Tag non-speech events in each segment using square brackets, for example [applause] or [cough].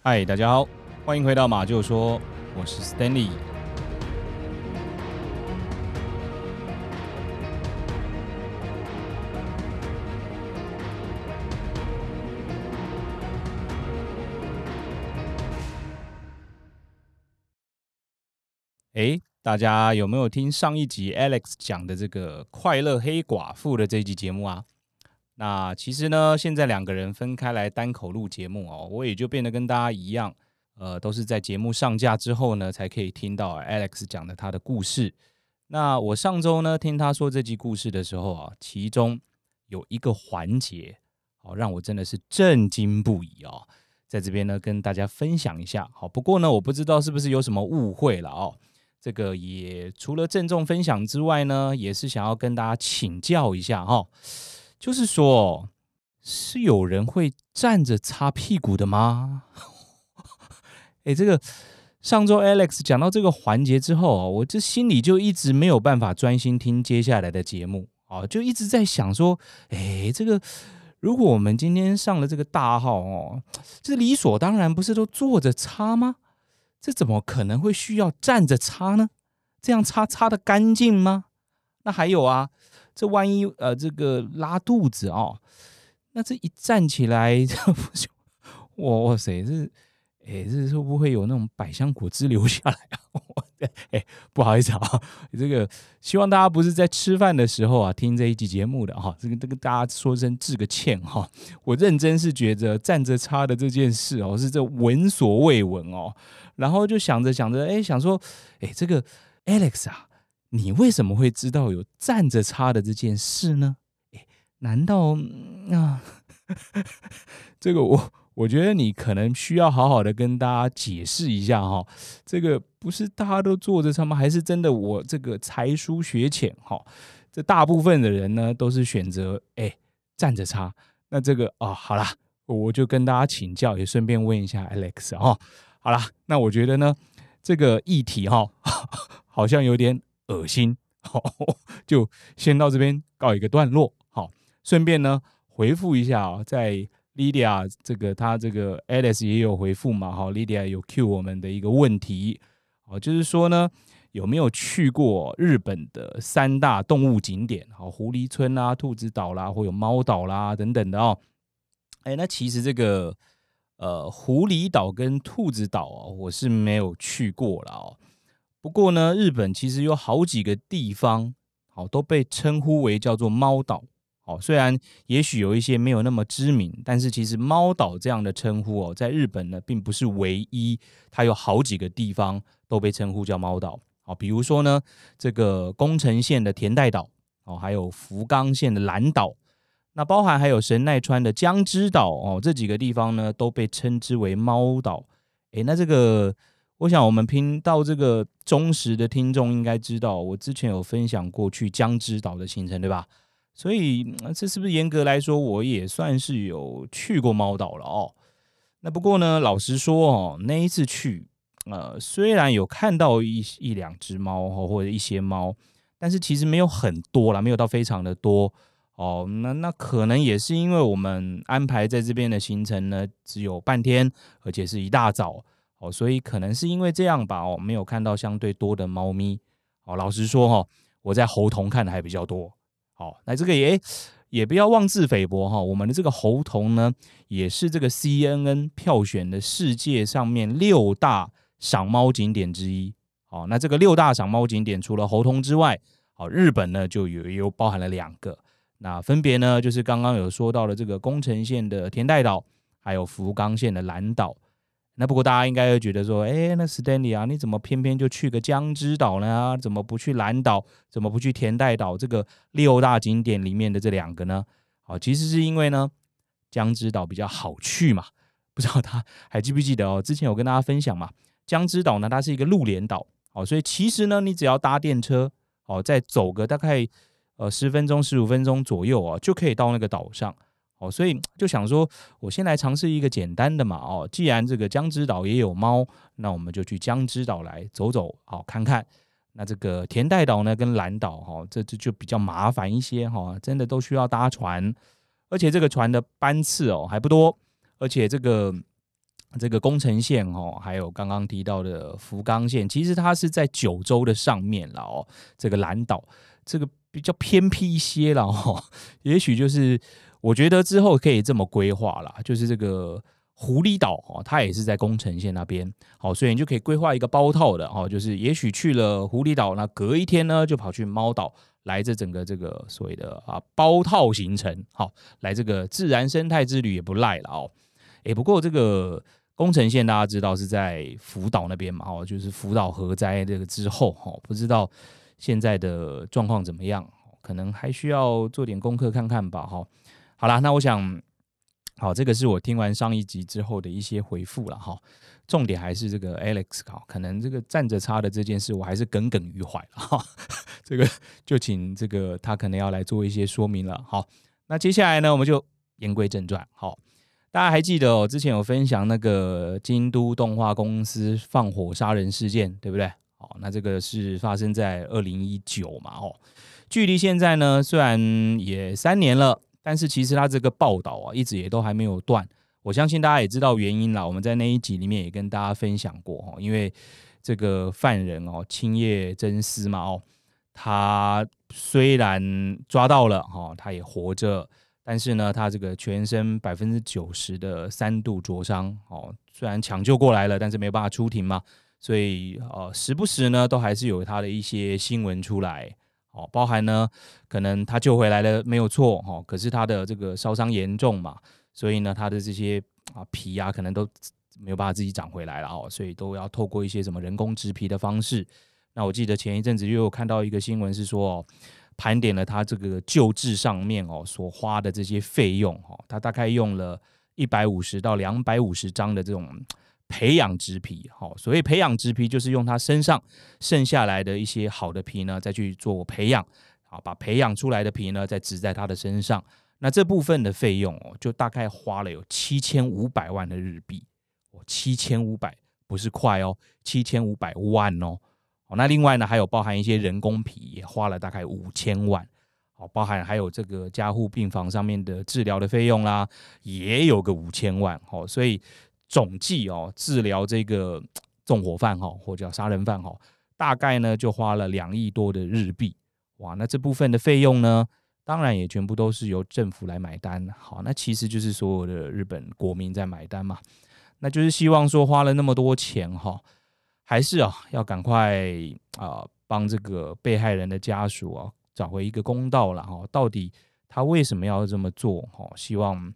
嗨，Hi, 大家好，歡迎回到馬廄說，我是 Stanley。哎，大家有沒有聽上一集 Alex 講的這個快樂黑寡婦的這一集節目啊？那其實呢，現在兩個人分開來單口錄節目哦，我也就變得跟大家一樣，呃，都是在節目上架之後呢，才可以聽到 Alex 講的他的故事。那我上周呢聽他說這集故事的時候啊，其中有一個環節，好、哦、讓我真的是震驚不已哦，在這邊呢跟大家分享一下。好，不過呢我不知道是不是有什麼誤會了哦，這個也除了鄭重分享之外呢，也是想要跟大家請教一下哈、哦。就是說，是有人會站着擦屁股的嗎？哎， [laughs] 這個上週 Alex 講到這個環節之後啊，我這心裡就一直沒有辦法專心聽接下來的節目啊，就一直在想說，哎，這個如果我們今天上了這個大號哦，這理所當然不是都坐着擦嗎？這怎麼可能會需要站着擦呢？這樣擦擦得乾淨嗎？那還有啊？這萬一呃，這個拉肚子啊、哦，那這一站起來，這不就哇哇塞，這哎，這會不會有那種百香果汁流下來啊！哎，不好意思啊，這個希望大家不是在吃飯的時候啊聽這一集節目的哈、啊，這個、這個大家說聲致個歉哈、啊。我認真是覺得站着擦的這件事哦、啊，是這聞所未聞哦，然後就想着想着，哎，想說，哎，這個 Alex 啊。你為什麼會知道有站着插的這件事呢？哎、欸，難道、嗯、啊呵呵？這個我我覺得你可能需要好好的跟大家解釋一下哈。這個不是大家都坐着插嗎？還是真的我這個才疏學淺哈？這大部分的人呢都是選擇哎、欸、站着插。那這個啊，好啦，我就跟大家請教，也順便問一下 Alex 啊。好啦，那我覺得呢，這個議題哈，好像有點。噁心，好，就先到這邊告一個段落，好，順便呢，回復一下、喔、在 Lydia 這個她這個 Alice 也有回復嘛，好，Lydia 有 cue 我們的一個問題，哦，就是說呢，有沒有去過日本的三大動物景點？好，狐狸村啦、兔子島啦，或有貓島啦等等的哦、喔，哎、欸，那其實這個呃狐狸島跟兔子島哦、喔，我是沒有去過了哦、喔。不過呢，日本其實有好幾個地方，好、哦、都被稱呼為叫做貓島。好、哦，雖然也許有一些沒有那麼知名，但是其實貓島這樣的稱呼哦，在日本呢並不是唯一，它有好幾個地方都被稱呼叫貓島。好、哦，比如說呢，這個宮城縣的田代島，哦，還有福岡縣的藍島，那包含還有神奈川的江之島，哦，這幾個地方呢都被稱之為貓島。誒，那這個。我想，我們拼到這個忠實的聽眾應該知道，我之前有分享過去江之島的行程，對吧？所以這是不是嚴格來說，我也算是有去過貓島了哦？那不過呢，老實說哦，那一次去，呃，雖然有看到一一兩隻貓或者一些貓，但是其實沒有很多啦，沒有到非常的多哦。那那可能也是因為我們安排在這邊的行程呢，只有半天，而且是一大早。哦，所以可能是因為這樣吧，哦，沒有看到相對多的貓咪。哦，老實說哦，我在猴硐看的還比較多。哦，那這個也、欸、也不要妄自菲薄哈、哦。我們的這個猴硐呢，也是這個 CNN 票選的世界上面六大賞貓景點之一。哦，那這個六大賞貓景點除了猴硐之外，哦，日本呢就有有包含了兩個。那分別呢就是剛剛有說到了這個宮城縣的田代島，還有福岡縣的藍島。那不過大家應該會覺得說，哎，那 Stanley 啊，你怎麼偏偏就去個江之島呢？怎麼不去藍島？怎麼不去田代島？這個六大景點裡面的這兩個呢？哦，其實是因為呢，江之島比較好去嘛。不知道大家還記不記得哦？之前有跟大家分享嘛，江之島呢，它是一個陸連島，哦，所以其實呢，你只要搭電車，哦，再走個大概呃十分鐘、十五分鐘左右啊、哦，就可以到那個島上。哦，所以就想說，我先來嘗試一個簡單的嘛。哦，既然這個江之島也有貓，那我們就去江之島來走走，好看看。那這個田代島呢，跟藍島，哈、哦，這這就比較麻煩一些，哈、哦，真的都需要搭船，而且這個船的班次哦還不多，而且這個這個宮城縣哦，還有剛剛提到的福岡縣，其實它是在九州的上面了，哦，這個藍島這個比較偏僻一些了、哦，也許就是。我覺得之後可以這麼規劃啦，就是這個狐狸島哦。它也是在宮城縣那邊，好，所以你就可以規劃一個包套的哦。就是也許去了狐狸島，那隔一天呢就跑去貓島，來這整個這個所謂的啊包套行程，好、哦，來這個自然生態之旅也不賴了哦。哎，不過這個宮城縣大家知道是在福島那邊嘛，哦，就是福島核災這個之後哈、哦，不知道現在的狀況怎麼樣、哦，可能還需要做點功課看看吧，哈、哦。好啦，那我想，好，這個是我聽完上一集之後的一些回復了哈。重點還是這個 Alex 好，可能這個站着插的這件事，我還是耿耿於懷了哈。這個就請這個他可能要來做一些說明了。好，那接下來呢，我們就言歸正傳。好，大家還記得哦，之前有分享那個京都動畫公司放火殺人事件，對不對？好，那這個是發生在二零一九嘛？哦，距離現在呢，雖然也三年了。但是其實他這個報道啊，一直也都還沒有斷。我相信大家也知道原因了。我們在那一集裡面也跟大家分享過哦，因為這個犯人哦，青葉真司嘛哦，他雖然抓到了哦，他也活着，但是呢，他這個全身百分之九十的三度灼傷哦，雖然搶救過來了，但是沒有辦法出庭嘛，所以哦，時不時呢，都還是有他的一些新聞出來。哦，包含呢，可能他救回來了沒有錯，哦，可是他的這個燒傷嚴重嘛，所以呢，他的這些啊皮啊，可能都沒有辦法自己長回來了，哦，所以都要透過一些什麼人工植皮的方式。那我記得前一陣子又有看到一個新聞是說，盤點了他這個救治上面哦所花的這些費用，哦，他大概用了一百五十到兩百五十張的這種。培養植皮。好，所以培養植皮就是用他身上剩下來的一些好的皮呢，再去做培養，把培養出來的皮呢再植在他的身上。那這部分的費用哦，就大概花了有七千五百萬的日幣，七千五百不是塊哦，七千五百萬哦。那另外呢，還有包含一些人工皮，也花了大概五千萬，哦，包含還有這個加護病房上面的治療的費用啦，也有個五千萬，所以。總計哦，治療這個縱火犯哈、哦，或叫殺人犯哈、哦，大概呢就花了兩億多的日幣哇。那這部分的費用呢，當然也全部都是由政府來買單。好，那其實就是所有的日本國民在買單嘛。那就是希望說花了那麼多錢哈，還是啊要趕快啊幫、呃、這個被害人的家屬啊找回一個公道了哈。到底他為什麼要這麼做哈？希望。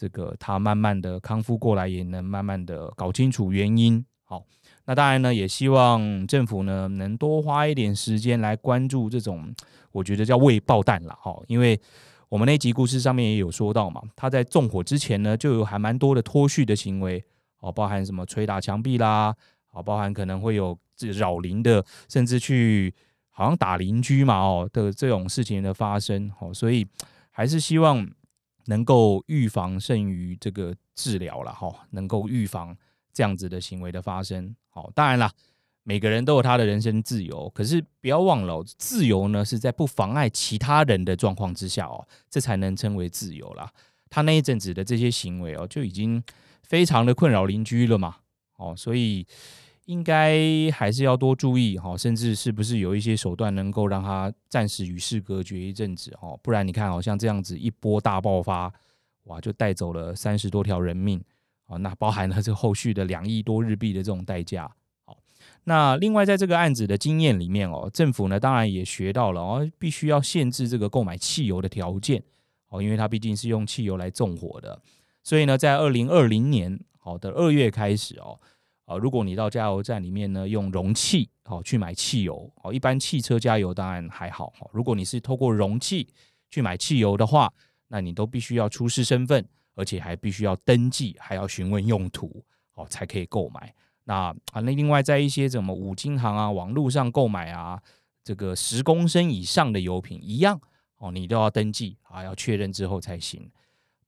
這個他慢慢的康復過來，也能慢慢的搞清楚原因。好，那當然呢，也希望政府呢能多花一點時間來關注這種，我覺得叫“未爆彈啦”了、哦、哈。因為我們那集故事上面也有說到嘛，他在縱火之前呢，就有還蠻多的脫序的行為，哦，包含什麼捶打牆壁啦，哦，包含可能會有擾鄰的，甚至去好像打鄰居嘛哦的這種事情的發生。哦，所以還是希望。能夠預防勝於這個治療了哈，能夠預防這樣子的行為的發生。好，當然了，每個人都有他的人身自由，可是不要忘了，自由呢是在不妨礙其他人的狀況之下哦，這才能稱為自由啦。他那一陣子的這些行為哦，就已經非常的困擾鄰居了嘛。哦，所以。應該還是要多注意哈，甚至是不是有一些手段能夠讓他暫時與世隔絕一陣子哈，不然你看好像這樣子一波大爆發，哇，就帶走了三十多條人命啊，那包含了這後續的兩億多日幣的這種代價。那另外在這個案子的經驗裡面哦，政府呢當然也學到了哦，必須要限制這個購買汽油的條件哦，因為它畢竟是用汽油來縱火的，所以呢，在二零二零年好的二月開始哦。啊，如果你到加油站裡面呢，用容器哦去買汽油哦，一般汽車加油當然還好。如果你是透過容器去買汽油的話，那你都必須要出示身份，而且還必須要登記，還要詢問用途哦，才可以購買。那啊，那另外在一些什麼五金行啊、網絡上購買啊，這個十公升以上的油品一樣哦，你都要登記啊，要確認之後才行。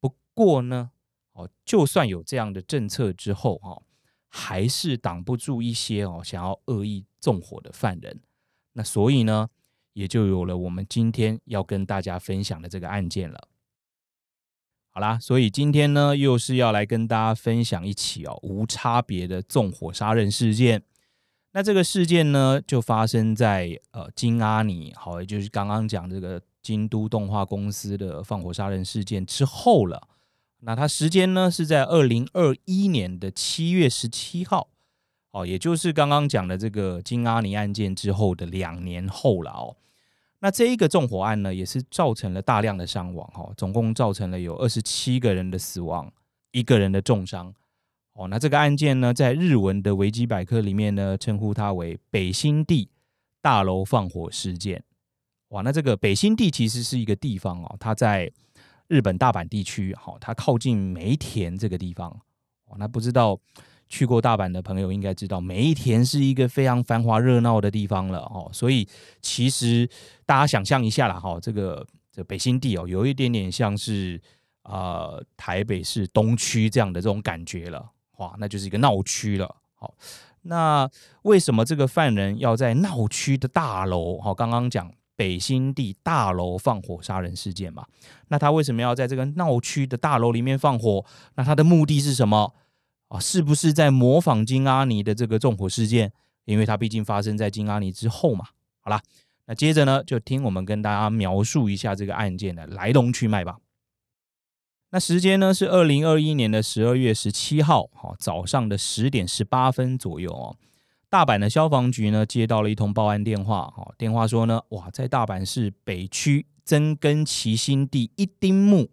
不過呢，哦，就算有這樣的政策之後哈。還是擋不住一些哦想要惡意縱火的犯人，那所以呢，也就有了我們今天要跟大家分享的這個案件了。好啦，所以今天呢，又是要來跟大家分享一起哦無差別的縱火殺人事件。那這個事件呢，就發生在呃京阿尼，好，就是剛剛講這個京都動畫公司的放火殺人事件之後了。那它時間呢是在二零二一年的七月十七號，哦，也就是剛剛講的這個京阿尼案件之後的兩年後了哦。那這一個縱火案呢，也是造成了大量的傷亡哈，哦，總共造成了有二十七個人的死亡，一個人的重傷。哦，那這個案件呢，在日文的維基百科裡面呢，稱呼它為北新地大樓放火事件。哇，那這個北新地其實是一個地方哦，它在。日本大阪地區，好，它靠近梅田這個地方，哦，那不知道去過大阪的朋友應該知道，梅田是一個非常繁華熱鬧的地方了，哦，所以其實大家想象一下啦，哈、哦，這個這個，北新地哦，有一點點像是啊、呃、台北市東區這樣的這種感覺了，哇，那就是一個鬧區了，哦，那為什麼這個犯人要在鬧區的大樓？好，哦，剛剛講。北新地大樓放火殺人事件嘛，那他為什麼要在這個鬧區的大樓裡面放火？那他的目的是什麼啊？哦，是不是在模仿京阿尼的這個縱火事件？因為它畢竟發生在京阿尼之後嘛。好啦，那接着呢，就聽我們跟大家描述一下這個案件的來龍去脈吧。那時間呢是二零二一年的十二月十七號，好，哦，早上的十點十八分左右哦。大阪的消防局呢，接到了一通報案電話，哦、電話說呢，哇，在大阪市北區曾根崎新地一丁目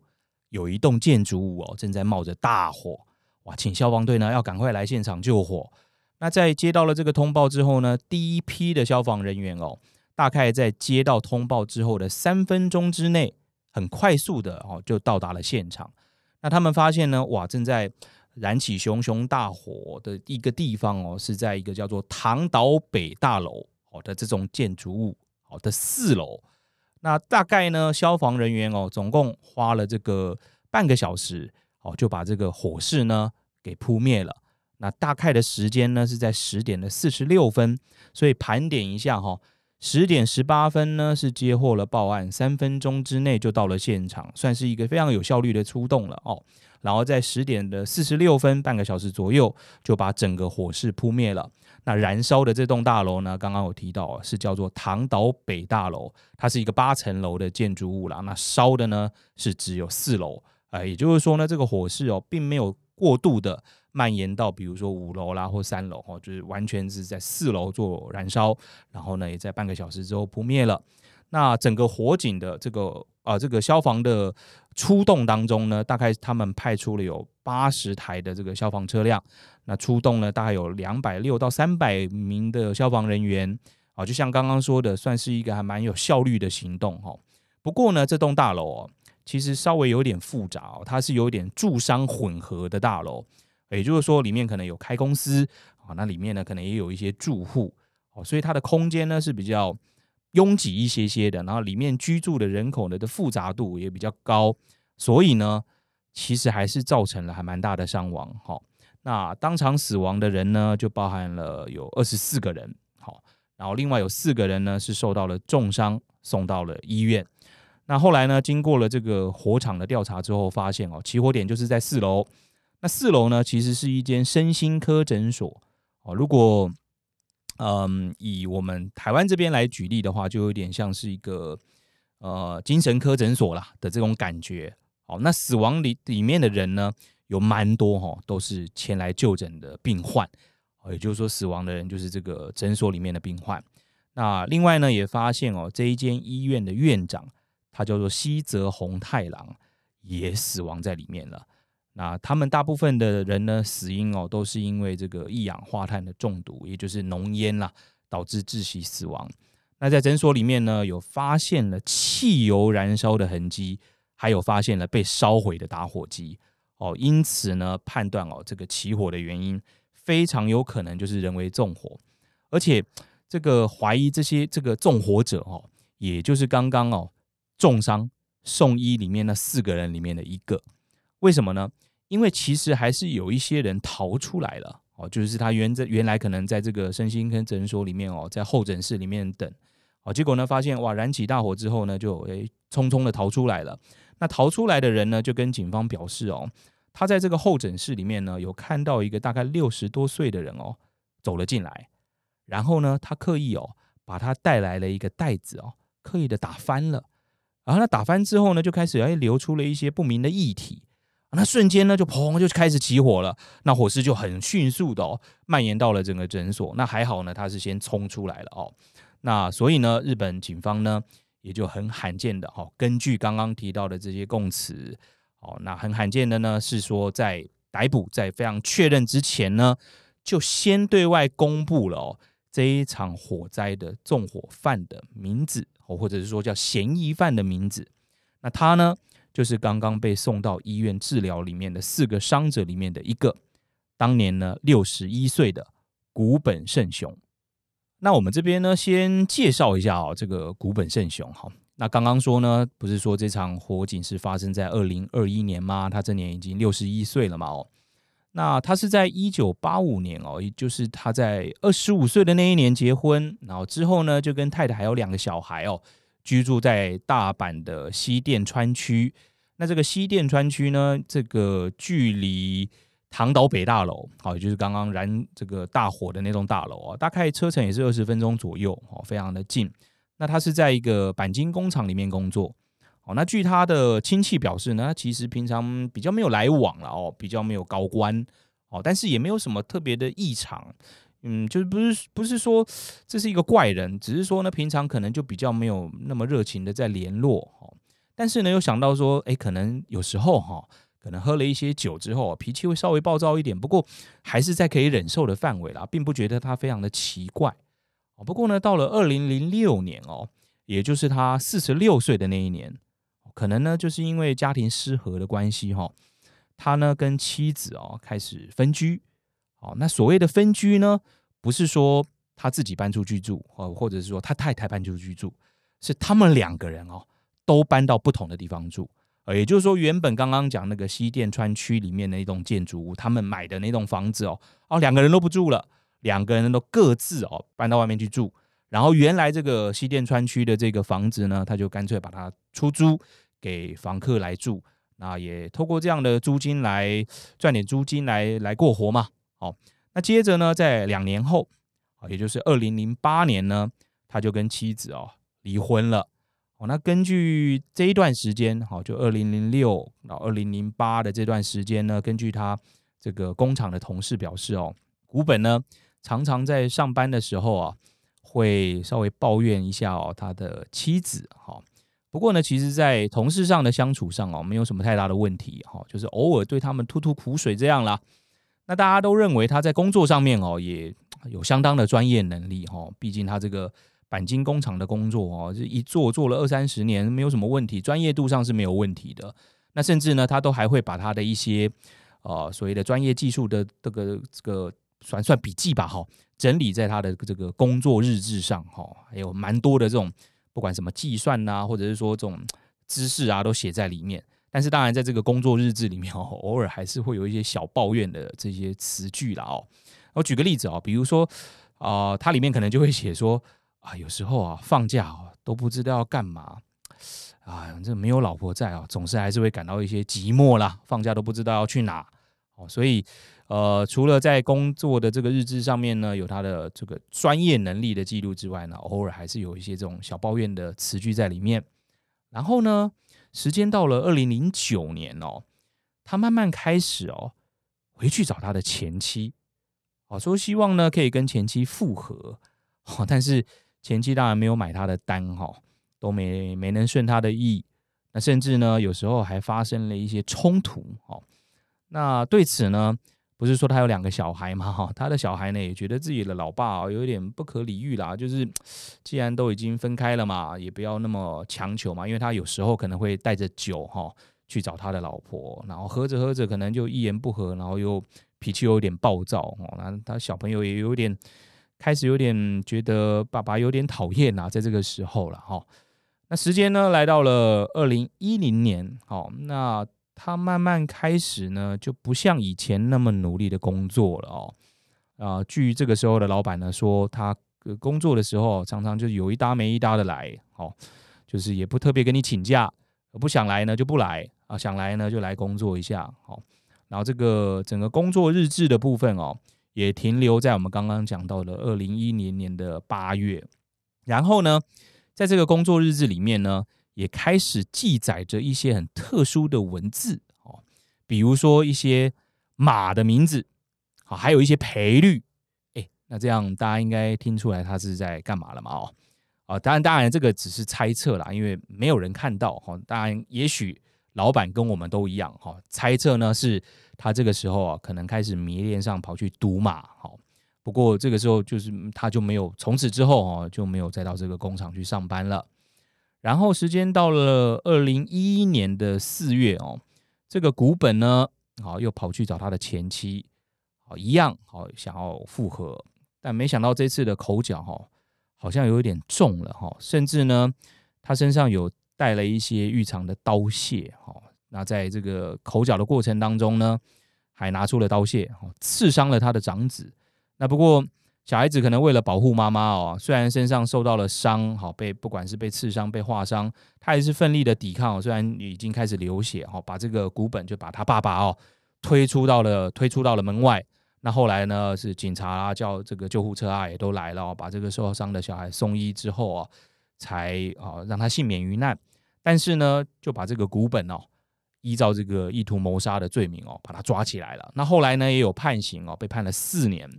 有一棟建築物哦，正在冒着大火，哇，請消防隊呢要趕快來現場救火。那在接到了這個通報之後呢，第一批的消防人員哦，大概在接到通報之後的三分鐘之內，很快速的哦就到達了現場。那他們發現呢，哇，正在燃起熊熊大火的一個地方哦，是在一個叫做唐島北大樓的這種建築物的四樓。那大概呢，消防人員哦總共花了這個半個小時哦，就把這個火勢呢給撲滅了。那大概的時間呢是在十點的四十六分。所以盤點一下哈、哦，十點十八分呢是接獲了報案，三分鐘之內就到了現場，算是一個非常有效率的出動了哦。然後在十點的四十六分，半個小時左右，就把整個火勢撲滅了。那燃燒的這棟大樓呢，剛剛有提到是叫做唐島北大樓，它是一個八層樓的建築物啦。那燒的呢是只有四樓，啊，也就是說呢，這個火勢哦，並沒有過度的蔓延到，比如說五樓啦或三樓哦，就是完全是在四樓做燃燒，然後呢，也在半個小時之後撲滅了。那整個火警的這個啊、呃，這個消防的出動當中呢，大概他們派出了有八十台的這個消防車輛，那出動呢，大概有兩百六到三百名的消防人員，啊、哦，就像剛剛說的，算是一個還蠻有效率的行動，哈、哦。不過呢，這棟大樓哦，其實稍微有點複雜、哦，它是有點住商混合的大樓，也就是說裡面可能有開公司啊、哦，那裡面呢可能也有一些住戶，哦，所以它的空間呢是比較擁擠一些些的，然後裡面居住的人口呢的複雜度也比較高，所以呢，其實還是造成了還蠻大的傷亡。哦。那當場死亡的人呢，就包含了有二十四個人，哦。然後另外有四個人呢，是受到了重傷，送到了醫院。那後來呢，經過了這個火場的調查之後，發現哦，起火點就是在四樓。那四樓呢，其實是一間身心科診所。哦，如果嗯，以我們台灣這邊來舉例的話，就有點像是一個呃精神科診所啦的這種感覺。好，那死亡裡裡面的人呢，有蠻多哈、哦，都是前來就診的病患。也就是說，死亡的人就是這個診所裡面的病患。那另外呢，也發現哦，這一間醫院的院長他叫做西澤宏太郎，也死亡在裡面了。啊，他們大部分的人呢，死因哦都是因為這個一氧化碳的中毒，也就是濃煙啦、啊，導致窒息死亡。那在診所裡面呢，有發現了汽油燃燒的痕跡，還有發現了被燒毀的打火機哦。因此呢，判斷哦，這個起火的原因非常有可能就是人為縱火，而且這個懷疑這些這個縱火者哦，也就是剛剛哦重傷送醫裡面那四個人裡面的一個，為什麼呢？因為其實還是有一些人逃出來了哦，就是他原原來可能在這個身心科診所裡面哦，在候診室裡面等哦，結果呢，發現哇，燃起大火之後呢，就誒匆匆的逃出來了。那逃出來的人呢，就跟警方表示哦，他在這個候診室裡面呢，有看到一個大概六十多歲的人哦走了進來，然後呢，他刻意哦把他帶來了一個袋子哦，刻意的打翻了，然後他打翻之後呢，就開始誒流出了一些不明的液體。那瞬間呢，就砰，就開始起火了。那火勢就很迅速的、哦、蔓延到了整個診所。那還好呢，他是先衝出來了哦。那所以呢，日本警方呢也就很罕見的哦，根據剛剛提到的這些供詞哦，那很罕見的呢是說，在逮捕在非常確認之前呢，就先對外公布了、哦、這一場火災的縱火犯的名字、哦，或者是說叫嫌疑犯的名字。那他呢？就是剛剛被送到醫院治療裡面的四個傷者裡面的一個，當年呢六十一歲的古本聖雄。那我們這邊呢先介紹一下哦，這個古本聖雄哈。那剛剛說呢，不是說這場火警是發生在二零二一年嗎？他這年已經六十一歲了嘛哦。那他是在一九八五年哦，也就是他在二十五歲的那一年結婚，然後之後呢就跟太太還有兩個小孩哦，居住在大阪的西淀川區。那這個西淀川區呢，這個距離堂島北大樓，好，也就是剛剛燃這個大火的那棟大樓啊、哦，大概車程也是二十分鐘左右，哦，非常的近。那他是在一個鈑金工廠裡面工作，哦，那據他的親戚表示呢，他其實平常比較沒有來往了哦，比較沒有高官哦，但是也沒有什麼特別的異常，嗯，就是不是不是說這是一個怪人，只是說呢，平常可能就比較沒有那麼熱情的在聯絡，哦。但是呢，又想到說，哎、欸，可能有時候哈、哦，可能喝了一些酒之後，脾氣會稍微暴躁一點，不過還是在可以忍受的範圍啦，並不覺得他非常的奇怪。不過呢，到了二零零六年哦，也就是他四十六歲的那一年，可能呢，就是因為家庭失和的關係哈、哦，他呢跟妻子哦開始分居。那所謂的分居呢，不是說他自己搬出去住，或者是說他太太搬出去住，是他們兩個人哦。都搬到不同的地方住，呃，也就是說，原本剛剛講那個西淀川區裡面的一棟建築物，他們買的那棟房子哦，哦，兩個人都不住了，兩個人都各自哦搬到外面去住，然後原來這個西淀川區的這個房子呢，他就乾脆把它出租給房客來住，那也透過這樣的租金來賺點租金來來過活嘛。好，那接着呢，在兩年後，也就是二零零八年呢，他就跟妻子哦離婚了。那根據這一段時間，哈，就二零零六到二零零八的這段時間呢，根據他這個工廠的同事表示哦，古本呢常常在上班的時候啊，會稍微抱怨一下哦他的妻子，哈。不過呢，其實，在同事上的相處上哦，沒有什麼太大的問題，哈，就是偶爾對他們吐吐苦水這樣啦。那大家都認為他在工作上面哦，也有相當的專業能力，哈，畢竟他這個。鈑金工廠的工作哦，這一做做了二三十年，沒有什麼問題，專業度上是沒有問題的。那甚至呢，他都還會把他的一些呃所謂的專業技術的這個這個算算筆記吧，哈、哦，整理在他的這個工作日志上，哈、哦，還有蠻多的這種不管什麼計算啊，或者是說這種知識啊，都寫在裡面。但是當然，在這個工作日志裡面哦，偶爾還是會有一些小抱怨的這些詞句了哦。我舉個例子哦，比如說啊，呃、它裡面可能就會寫說。啊、有時候啊，放假啊都不知道要幹嘛啊，這沒有老婆在啊，總是還是會感到一些寂寞啦。放假都不知道要去哪、啊、所以呃，除了在工作的這個日志上面呢，有他的這個專業能力的記錄之外呢，偶爾還是有一些這種小抱怨的詞句在裡面。然後呢，時間到了二零零九年哦，他慢慢開始哦回去找他的前妻啊，說希望呢可以跟前妻複合哦、啊，但是。前妻當然沒有買他的單哈，都沒沒能順他的意，那甚至呢有時候還發生了一些衝突哈。那對此呢，不是說他有兩個小孩嘛哈，他的小孩呢也覺得自己的老爸有點不可理喻啦，就是既然都已經分開了嘛，也不要那麼強求嘛，因為他有時候可能會帶着酒哈去找他的老婆，然後喝着喝着可能就一言不合，然後又脾氣又有點暴躁哦，那他小朋友也有點。開始有點覺得爸爸有點討厭啊，在這個時候了齁。那時間呢，來到了二零一零年，齁，那他慢慢開始呢，就不像以前那麼努力的工作了哦。啊，據這個時候的老闆呢說，他工作的時候常常就有一搭沒一搭的來，齁，就是也不特別跟你請假，不想來呢就不來啊，想來呢就來工作一下，齁。然後這個整個工作日誌的部分哦。也停留在我們剛剛講到的二零一零年的八月，然後呢，在這個工作日志裡面呢，也開始記載着一些很特殊的文字哦，比如說一些馬的名字，好，還有一些賠率，哎，那這樣大家應該聽出來他是在幹嘛了嘛？哦，啊，當然，當然這個只是猜測啦，因為沒有人看到，當然，也許老闆跟我們都一樣猜測呢是。他這個時候啊，可能開始迷戀上跑去賭馬，不過這個時候就是他就沒有從此之後哦、啊，就沒有再到這個工廠去上班了。然後時間到了二零一一年的四月哦，這個古本呢，好又跑去找他的前妻，好一樣好想要復合，但沒想到這次的口角哈，好像有一點重了哈，甚至呢他身上有帶了一些日常的刀械哈。那在這個口角的過程當中呢，還拿出了刀械，刺傷了他的長子。那不過小孩子可能為了保護媽媽哦，雖然身上受到了傷，好、哦、被不管是被刺傷被劃傷，他還是奮力的抵抗、哦，雖然已經開始流血，哦、把這個谷本就把他爸爸哦推出到了推出到了門外。那後來呢，是警察啊叫這個救護車啊也都來了，把這個受傷的小孩送醫之後哦才啊、哦、讓他幸免於難。但是呢，就把這個谷本哦。依照這個意圖謀殺的罪名哦，把他抓起來了。那後來呢，也有判刑哦，被判了四年。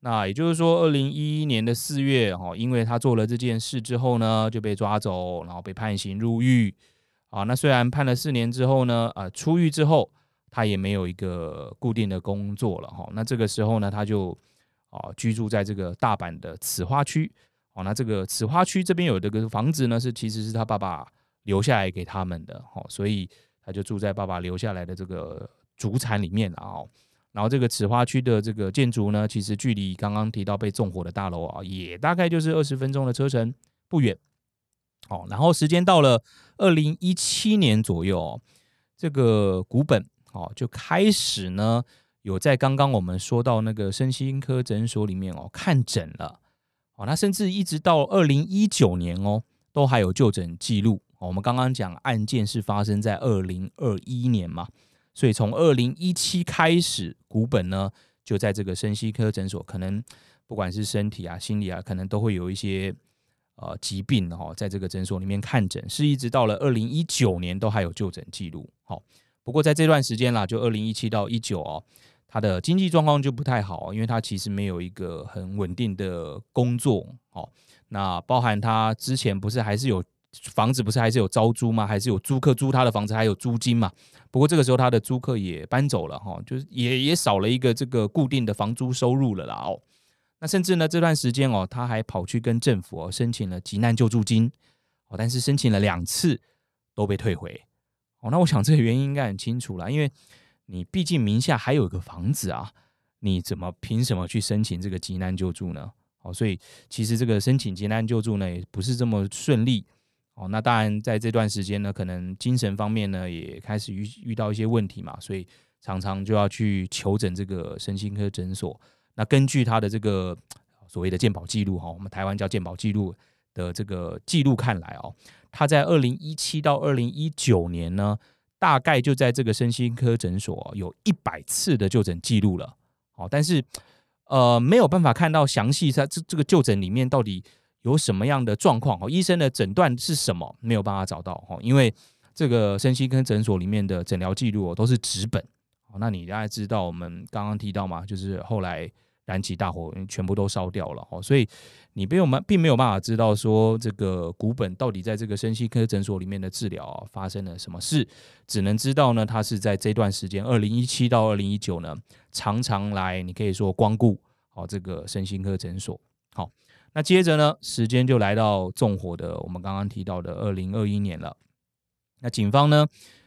那也就是說，二零一一年的四月哦，因為他做了這件事之後呢，就被抓走，然後被判刑入獄啊、哦。那雖然判了四年之後呢，呃，出獄之後他也沒有一個固定的工作了哈、哦。那這個時候呢，他就啊、哦、居住在這個大阪的此花區哦。那這個此花區這邊有這個房子呢，是其實是他爸爸留下來給他們的哈、哦，所以。他就住在爸爸留下來的這個祖產裡面了啊，然後這個此花區的這個建築呢，其實距離剛剛提到被縱火的大樓啊，也大概就是二十分鐘的車程，不遠。哦，然後時間到了二零一七年左右，這個古本哦就開始呢有在剛剛我們說到那個身心科診所裡面哦看診了，哦，他甚至一直到二零一九年哦都還有就診記錄。我們剛剛講案件是發生在二零二一年嘛，所以從二零一七開始，古本呢就在這個身心科診所，可能不管是身體啊、心理啊，可能都會有一些呃疾病哦、啊，在這個診所裡面看診，是一直到了二零一九年都還有就診記錄。好，不過在這段時間啦，就二零一七到一九哦，他的經濟狀況就不太好，因為他其實沒有一個很穩定的工作。好，那包含他之前不是還是有。房子不是還是有招租嗎？還是有租客租他的房子，還有租金嘛？不過這個時候他的租客也搬走了哈、哦，就是也也少了一個這個固定的房租收入了啦哦。那甚至呢這段時間哦，他還跑去跟政府、哦、申請了急難救助金哦，但是申請了兩次都被退回哦。那我想這個原因應該很清楚啦，因為你畢竟名下還有一個房子啊，你怎麼憑什麼去申請這個急難救助呢？哦，所以其實這個申請急難救助呢也不是這麼順利。哦，那當然，在這段時間呢，可能精神方面呢也開始遇遇到一些問題嘛，所以常常就要去求診這個身心科診所。那根據他的這個所謂的健保記錄哈，我們台灣叫健保記錄的這個記錄看來哦，他在二零一七到二零一九年呢，大概就在這個身心科診所有一百次的就診記錄了。哦，但是呃，沒有辦法看到詳細在這這個就診裡面到底。有什麼樣的狀況？哦，醫生的診斷是什麼？沒有辦法找到哦，因為這個身心科診所裡面的診療記錄都是紙本哦。那你大概知道，我們剛剛提到嘛，就是後來燃起大火，全部都燒掉了哦。所以你並沒有，沒有辦法知道說這個骨本到底在這個身心科診所裡面的治療發生了什麼事，只能知道呢，他是在這段時間，二零一七到二零一九呢，常常來，你可以說光顧哦，這個身心科診所好。那接着呢，時間就來到縱火的，我們剛剛提到的二零二一年了。那警方呢，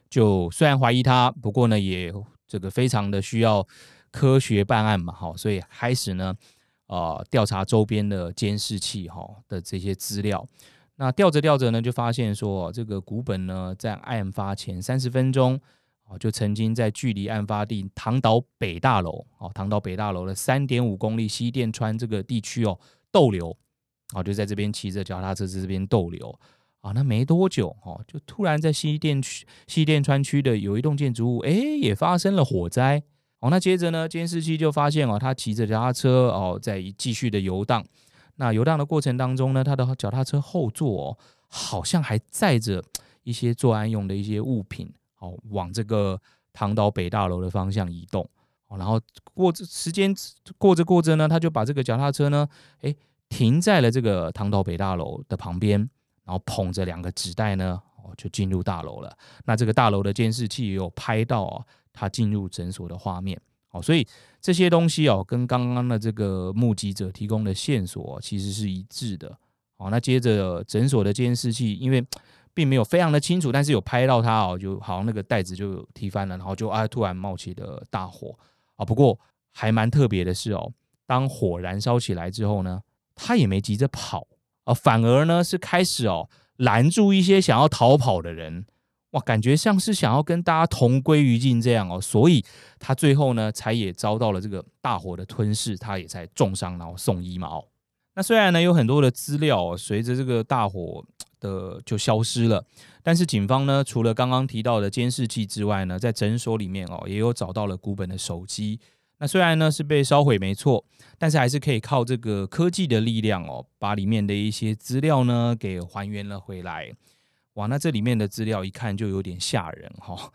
就雖然懷疑他，不過呢，也這個非常的需要科學辦案嘛，哈，所以開始呢，呃，調查周邊的監視器哈，哦，的這些資料。那調着調着呢，就發現說，哦，這個谷本呢，在案發前三十分鐘，哦，就曾經在距離案發地唐島北大樓啊，哦，唐島北大樓的三點五公里西淀川這個地區哦。逗留，啊，就在這邊騎着腳踏車在這邊逗留，啊，那沒多久，哦，就突然在西澱區、西淀川區的有一棟建築物，哎、欸，也發生了火災，哦、啊，那接着呢，監視器就發現哦、啊，他騎着腳踏車，哦、啊，在繼續的遊蕩，那遊蕩的過程當中呢，他的腳踏車後座好像還載着一些作案用的一些物品，哦、啊，往這個堂島北大樓的方向移動。然後過這時間過着過着呢，他就把這個腳踏車呢，誒停在了這個唐島北大樓的旁邊，然後捧着兩個紙袋呢，哦，就進入大樓了。那這個大樓的監視器也有拍到哦，他進入診所的畫面。哦，所以這些東西哦，跟剛剛的這個目擊者提供的線索，哦，其實是一致的。哦，那接着診所的監視器，因為並沒有非常的清楚，但是有拍到他哦，就好像那個袋子就踢翻了，然後就啊，突然冒起了大火。啊，不過還蠻特別的是哦，當火燃燒起來之後呢，他也沒急着跑，呃、啊，反而呢是開始哦攔住一些想要逃跑的人，哇，感覺像是想要跟大家同歸於盡這樣哦，所以他最後呢才也遭到了這個大火的吞噬，他也才重傷，然後送醫嘛。那雖然呢有很多的資料、哦、隨着這個大火，的就消失了，但是警方呢，除了剛剛提到的監視器之外呢，在診所裡面哦，也有找到了古本的手機。那雖然呢是被燒毀，沒錯，但是還是可以靠這個科技的力量哦，把裡面的一些資料呢給還原了回來。哇，那這裡面的資料一看就有點嚇人哈、哦。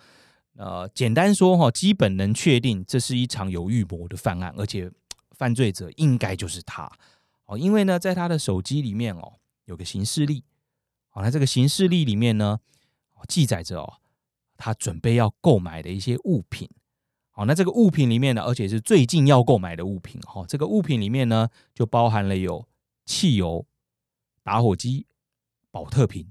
呃，簡單說哈、哦，基本能確定這是一場有預謀的犯案，而且犯罪者應該就是他哦，因為呢，在他的手機裡面哦，有個行事曆。好、哦，那這個行事曆裡面呢，記載着哦，他準備要購買的一些物品。好、哦，那這個物品裡面呢，而且是最近要購買的物品。哈、哦，這個物品裡面呢，就包含了有汽油、打火機、寶特瓶。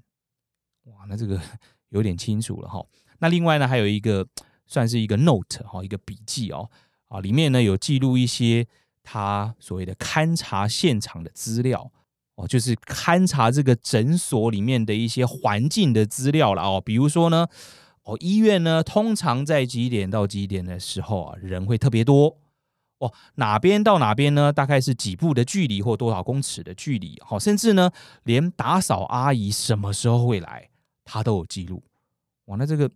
哇，那這個有點清楚了，哈、哦。那另外呢，還有一個算是一個 note 哈、哦，一個筆記哦。啊、哦，裡面呢有記錄一些他所謂的勘察現場的資料。哦，就是勘察這個診所裡面的一些環境的資料了哦，比如說呢，哦，醫院呢通常在幾點到幾點的時候啊，人會特別多哦，哪邊到哪邊呢，大概是幾步的距離或多少公尺的距離，好，哦，甚至呢，連打掃阿姨什麼時候會來，他都有記錄，哇，那這個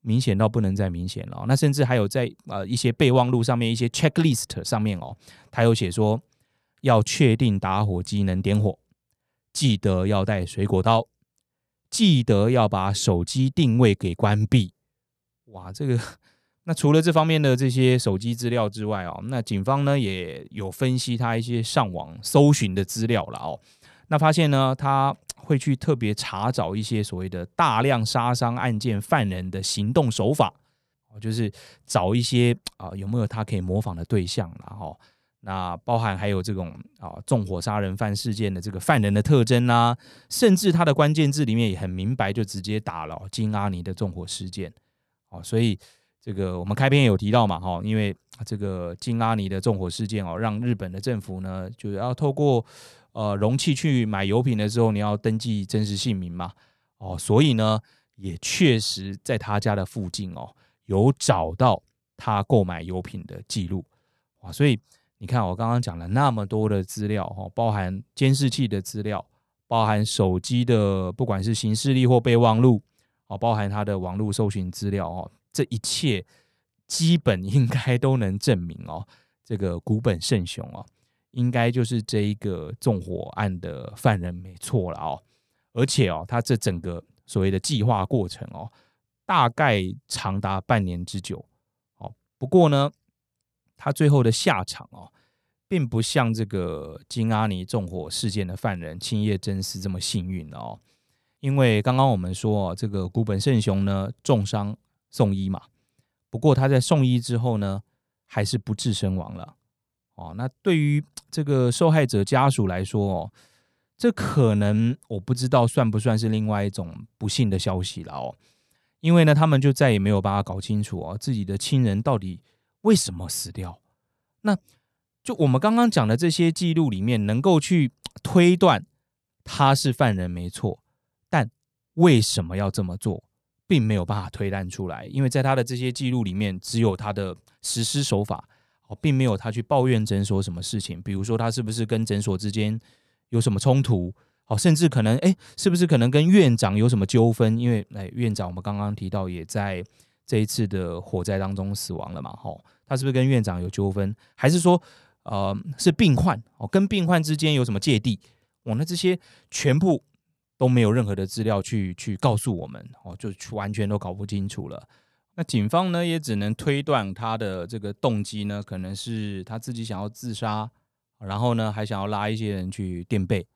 明顯到不能再明顯了哦，那甚至還有在呃一些備忘錄上面一些 checklist 上面哦，他有寫說。要確定打火機能點火，記得要帶水果刀，記得要把手機定位給關閉。哇，這個那除了這方面的這些手機資料之外哦，那警方呢也有分析他一些上網搜尋的資料了哦。那發現呢，他會去特別查找一些所謂的大量殺傷案件犯人的行動手法哦，就是找一些啊有沒有他可以模仿的對象了哦。那包含還有這種啊哦、縱火殺人犯事件的這個犯人的特徵啊，甚至他的關鍵字裡面也很明白，就直接打了京阿尼的縱火事件。哦，所以這個我們開篇也有提到嘛，哈、哦，因為這個京阿尼的縱火事件哦，讓日本的政府呢，就是要透過呃容器去買油品的時候，你要登記真實姓名嘛，哦，所以呢，也確實在他家的附近哦，有找到他購買油品的記錄，哦、所以。你看，我剛剛講了那麼多的資料哦，包含監視器的資料，包含手機的，不管是行事曆，或備忘錄哦，包含他的網絡搜尋資料哦，這一切基本應該都能證明哦，這個古本聖雄哦，應該就是這一個縱火案的犯人沒錯了哦，而且哦，他這整個所謂的計劃過程哦，大概長達半年之久哦。不過呢。他最後的下場哦，並不像這個京阿尼縱火事件的犯人青葉真司這麼幸運哦。因為剛剛我們說哦，這個古本聖雄呢，重傷送醫嘛，不過他在送醫之後呢，還是不治身亡了哦。那對於這個受害者家屬來說哦，這可能我不知道算不算是另外一種不幸的消息了哦。因為呢，他們就再也沒有辦法搞清楚哦，自己的親人到底，為什麼死掉？那就我們剛剛講的這些記錄裡面，能夠去推斷他是犯人沒錯，但為什麼要這麼做，並沒有辦法推斷出來，因為在他的這些記錄裡面，只有他的實施手法，哦，並沒有他去抱怨診所什麼事情，比如說他是不是跟診所之間有什麼衝突，哦，甚至可能誒，是不是可能跟院長有什麼糾紛？因為，哎，院長我們剛剛提到也在。這一次的火災當中死亡了嘛？吼，他是不是跟院長有糾紛，還是說，呃，是病患哦？跟病患之間有什麼芥蒂？哦，那這些全部都沒有任何的資料去去告訴我們哦，就完全都搞不清楚了。那警方呢，也只能推斷他的這個動機呢，可能是他自己想要自殺，然後呢，還想要拉一些人去墊背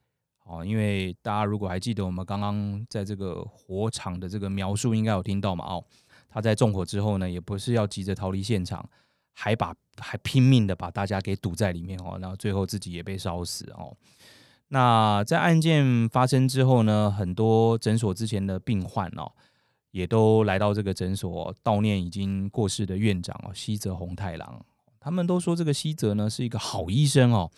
哦。因為大家如果還記得我們剛剛在這個火場的這個描述，應該有聽到嘛？哦。他在縱火之後呢，也不是要急着逃離現場，還把還拼命的把大家給堵在裡面哦，然後最後自己也被燒死哦。那在案件發生之後呢，很多診所之前的病患哦，也都來到這個診所悼念已經過世的院長哦，西澤紅太郎。他們都說這個西澤呢是一個好醫生哦。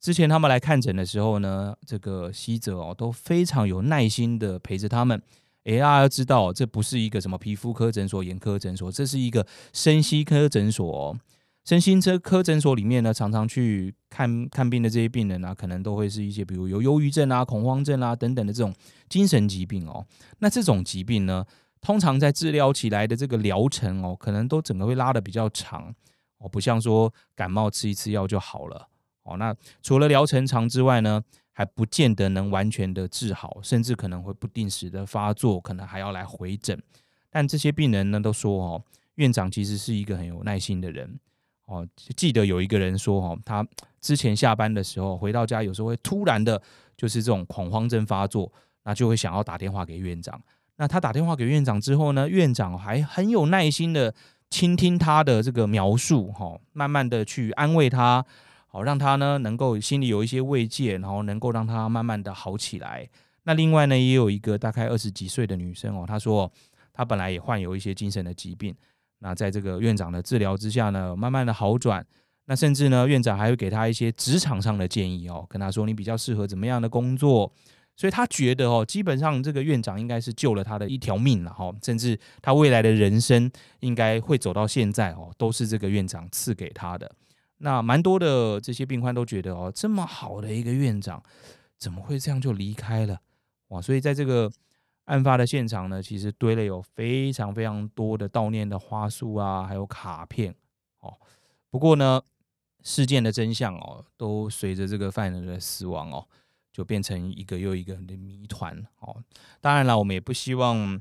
之前他們來看診的時候呢，這個西澤哦都非常有耐心的陪着他們。AI 要，啊啊啊，知道，這不是一個什麼皮膚科診所，眼科診所，這是一個身心科診所哦。身心科科診所裡面呢，常常去看看病的這些病人呢，啊，可能都會是一些比如有憂鬱症啊、恐慌症啊等等的這種精神疾病哦。那這種疾病呢，通常在治療起來的這個療程哦，可能都整個會拉得比較長哦，不像說感冒吃一次藥就好了哦。那除了療程長之外呢，還不見得能完全的治好，甚至可能會不定時的發作，可能還要來回診。但這些病人呢都說哦，院長其實是一個很有耐心的人哦。記得有一個人說哦，他之前下班的時候回到家，有時候會突然的，就是這種恐慌症發作，那就會想要打電話給院長。那他打電話給院長之後呢，院長還很有耐心的傾聽他的這個描述，哦，慢慢的去安慰他。好，讓他呢能夠心裡有一些慰藉，然後能夠讓他慢慢的好起來。那另外呢，也有一個大概二十幾歲的女生哦，她說她本來也患有一些精神的疾病，那在這個院長的治療之下呢，慢慢的好轉。那甚至呢，院長還會給她一些職場上的建議哦，跟她說你比較適合怎麼樣的工作。所以她覺得哦，基本上這個院長應該是救了她的一條命了哈，哦，甚至她未來的人生應該會走到現在哦，都是這個院長賜給她的。那蠻多的這些病患，都覺得哦，這麼好的一個院長，怎麼會這樣就離開了哇？所以在這個案發的現場呢，其實堆了有非常非常多的悼念的花束啊，還有卡片哦。不過呢，事件的真相哦，都隨着這個犯人的死亡哦，就變成一個又一個的謎團哦。當然了，我們也不希望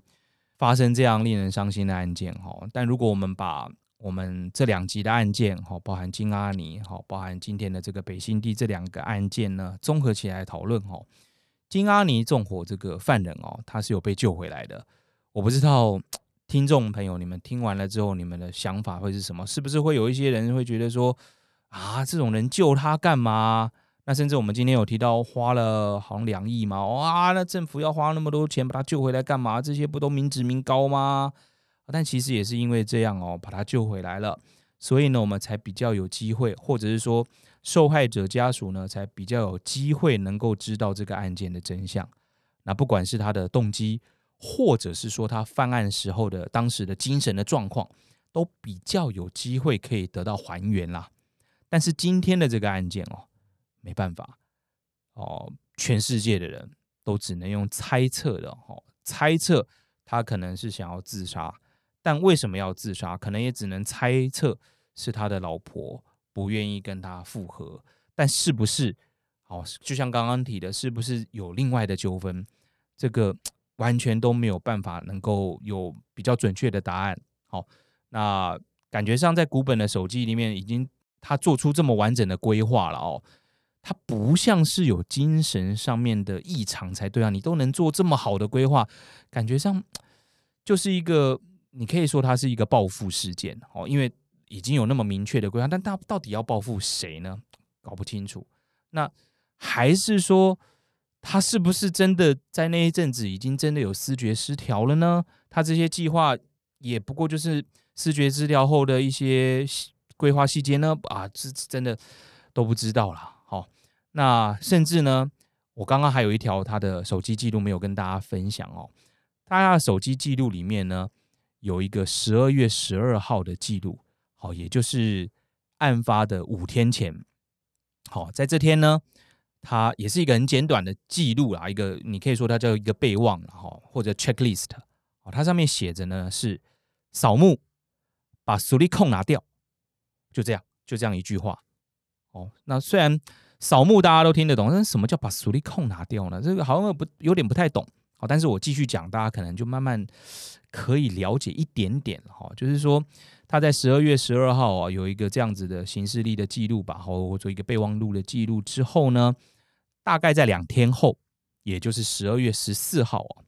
發生這樣令人傷心的案件哦。但如果我們把我們這兩集的案件，哈，包含京阿尼，哈，包含今天的這個北新地這兩個案件呢，綜合起來討論，哈。京阿尼縱火這個犯人哦，他是有被救回來的。我不知道聽眾朋友你們聽完了之後，你們的想法會是什麼？是不是會有一些人會覺得說，啊，這種人救他幹嘛？那甚至我們今天有提到花了好像兩億嘛，哇、啊，那政府要花那麼多錢把他救回來幹嘛？這些不都民脂民膏嗎？但其實也是因為這樣哦，把他救回來了，所以呢，我們才比較有機會，或者是說受害者家屬呢，才比較有機會能夠知道這個案件的真相。那不管是他的動機，或者是說他犯案時候的當時的精神的狀況，都比較有機會可以得到還原啦。但是今天的這個案件哦，沒辦法哦，全世界的人都只能用猜測的哦，猜測他可能是想要自殺。但為什麼要自殺？可能也只能猜測是他的老婆不願意跟他復合。但是不是？好，就像剛剛提的，是不是有另外的糾紛？這個完全都沒有辦法能夠有比較準確的答案。好，那感覺上在古本的手機裡面，已經他做出這麼完整的規劃了哦。他不像是有精神上面的異常才對啊！你都能做這麼好的規劃，感覺上就是一個。你可以說他是一個報復事件哦，因為已經有那麼明確的規劃，但他到底要報復誰呢？搞不清楚。那還是說他是不是真的在那一陣子已經真的有思覺失調了呢？他這些計劃也不過就是思覺失調後的一些規劃細節呢？啊，是，是真的都不知道啦。好，那甚至呢，我剛剛還有一條他的手機記錄沒有跟大家分享哦，他，他的手機記錄裡面呢，有一個十二月十二號的記錄，好，也就是案發的五天前，好，在這天呢，它也是一個很簡短的記錄啦，一個你可以說它叫一個備忘哈，或者 checklist，它上面寫着呢是掃墓，把矽利康拿掉，就這樣，就這樣一句話，哦，那雖然掃墓大家都聽得懂，但什麼叫把矽利康拿掉呢？這個好像不有點不太懂，好，但是我繼續講，大家可能就慢慢。可以了解一點點哈，就是說他在十二月十二號啊有一個這樣子的行事曆的記錄吧，或做一個備忘錄的記錄之後呢，大概在兩天後，也就是十二月十四號啊，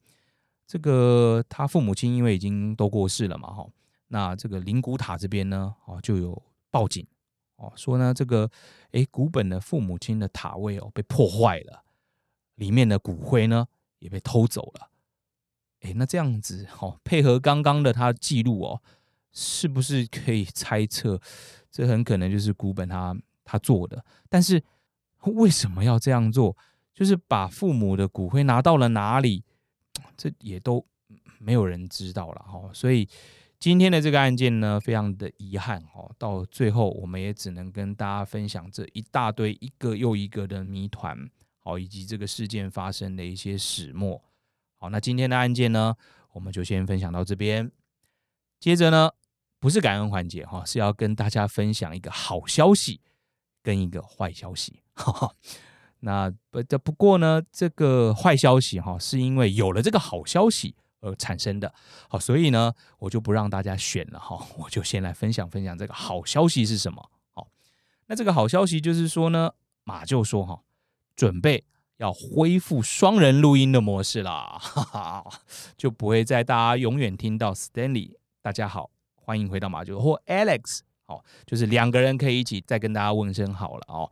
這個他父母親因為已經都過世了嘛哈，那這個靈骨塔這邊呢啊就有報警哦，說呢這個哎、欸、古本的父母親的塔位哦被破壞了，裡面的骨灰呢也被偷走了。哎、欸，那這樣子好、喔，配合剛剛的他記錄哦，是不是可以猜測？這很可能就是古本他他做的。但是為什麼要這樣做？就是把父母的骨灰拿到了哪裡？這也都沒有人知道了哈、喔。所以今天的這個案件呢，非常的遺憾哦、喔，到最後，我們也只能跟大家分享這一大堆一個又一個的謎團，好、喔，以及這個事件發生的一些始末。那今天的案件呢，我們就先分享到這邊。接着呢，不是感恩環節哈，是要跟大家分享一個好消息跟一個壞消息。 [laughs] 那不這不過呢，這個壞消息哈，是因為有了這個好消息而產生的。好，所以呢，我就不讓大家選了哈，我就先來分享分享這個好消息是什麼。好，那這個好消息就是說呢，馬廄說哈，準備。要恢復雙人錄音的模式啦，哈哈，就不會再大家永遠聽到 Stanley，大家好，歡迎回到馬廄說或 Alex，好、哦，就是兩個人可以一起再跟大家問聲好了哦，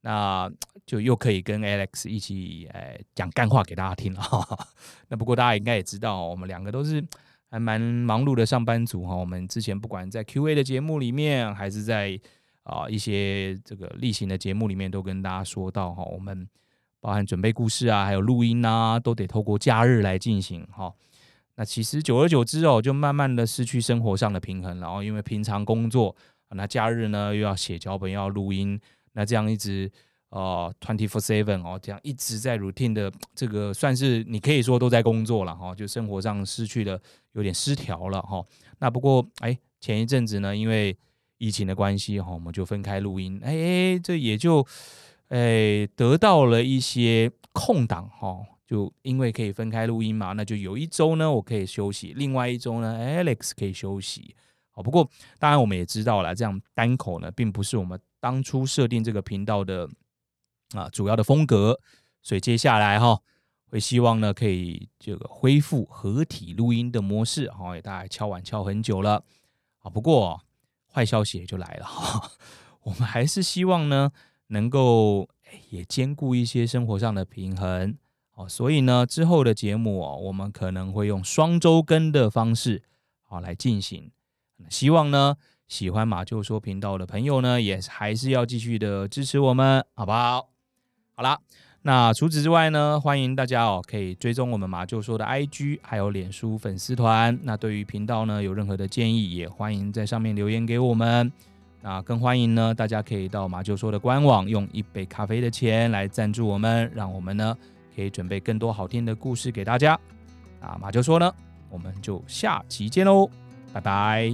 那就又可以跟 Alex 一起誒講乾話給大家聽了哈哈。那不過大家應該也知道，我們兩個都是還蠻忙碌的上班族哈、哦。我們之前不管在 Q&A 的節目裡面，還是在啊、呃、一些這個例行的節目裡面，都跟大家說到哈、哦，我們。含、哦、準備故事啊，還有錄音啊，都得透過假日來進行哈、哦。那其實久而久之哦，就慢慢的失去生活上的平衡了。然、哦、後因為平常工作，啊、那假日呢又要寫腳本，又要錄音，那這樣一直呃 twenty four seven 哦，這樣一直在 routine 的這個，算是你可以說都在工作了哈、哦。就生活上失去的有點失調了哈、哦。那不過哎，前一陣子呢，因為疫情的關係哈、哦，我們就分開錄音哎，哎，這也就。哎，得到了一些空檔哈、哦，就因為可以分開錄音嘛，那就有一周呢我可以休息，另外一周呢，Alex 可以休息。不過當然我們也知道了，這樣單口呢並不是我們當初設定這個頻道的啊主要的風格，所以接下來哈，會、哦、希望呢可以這個恢復合體錄音的模式。好、哦，也大概敲碗敲很久了。不過壞消息也就來了哈、哦，我們還是希望呢。能夠也兼顧一些生活上的平衡哦，所以呢，之後的節目哦，我們可能會用雙周更的方式啊來進行。希望呢，喜歡馬廄說頻道的朋友呢，也還是要繼續的支持我們，好不好？好啦，那除此之外呢，歡迎大家哦，可以追蹤我們馬廄說的 IG 還有臉書粉絲團。那對於頻道呢，有任何的建議，也歡迎在上面留言給我們。那更歡迎呢，大家可以到馬廄說的官網，用一杯咖啡的錢來贊助我們，讓我們呢可以準備更多好聽的故事給大家。啊，馬廄說呢，我們就下期見嘍，拜拜。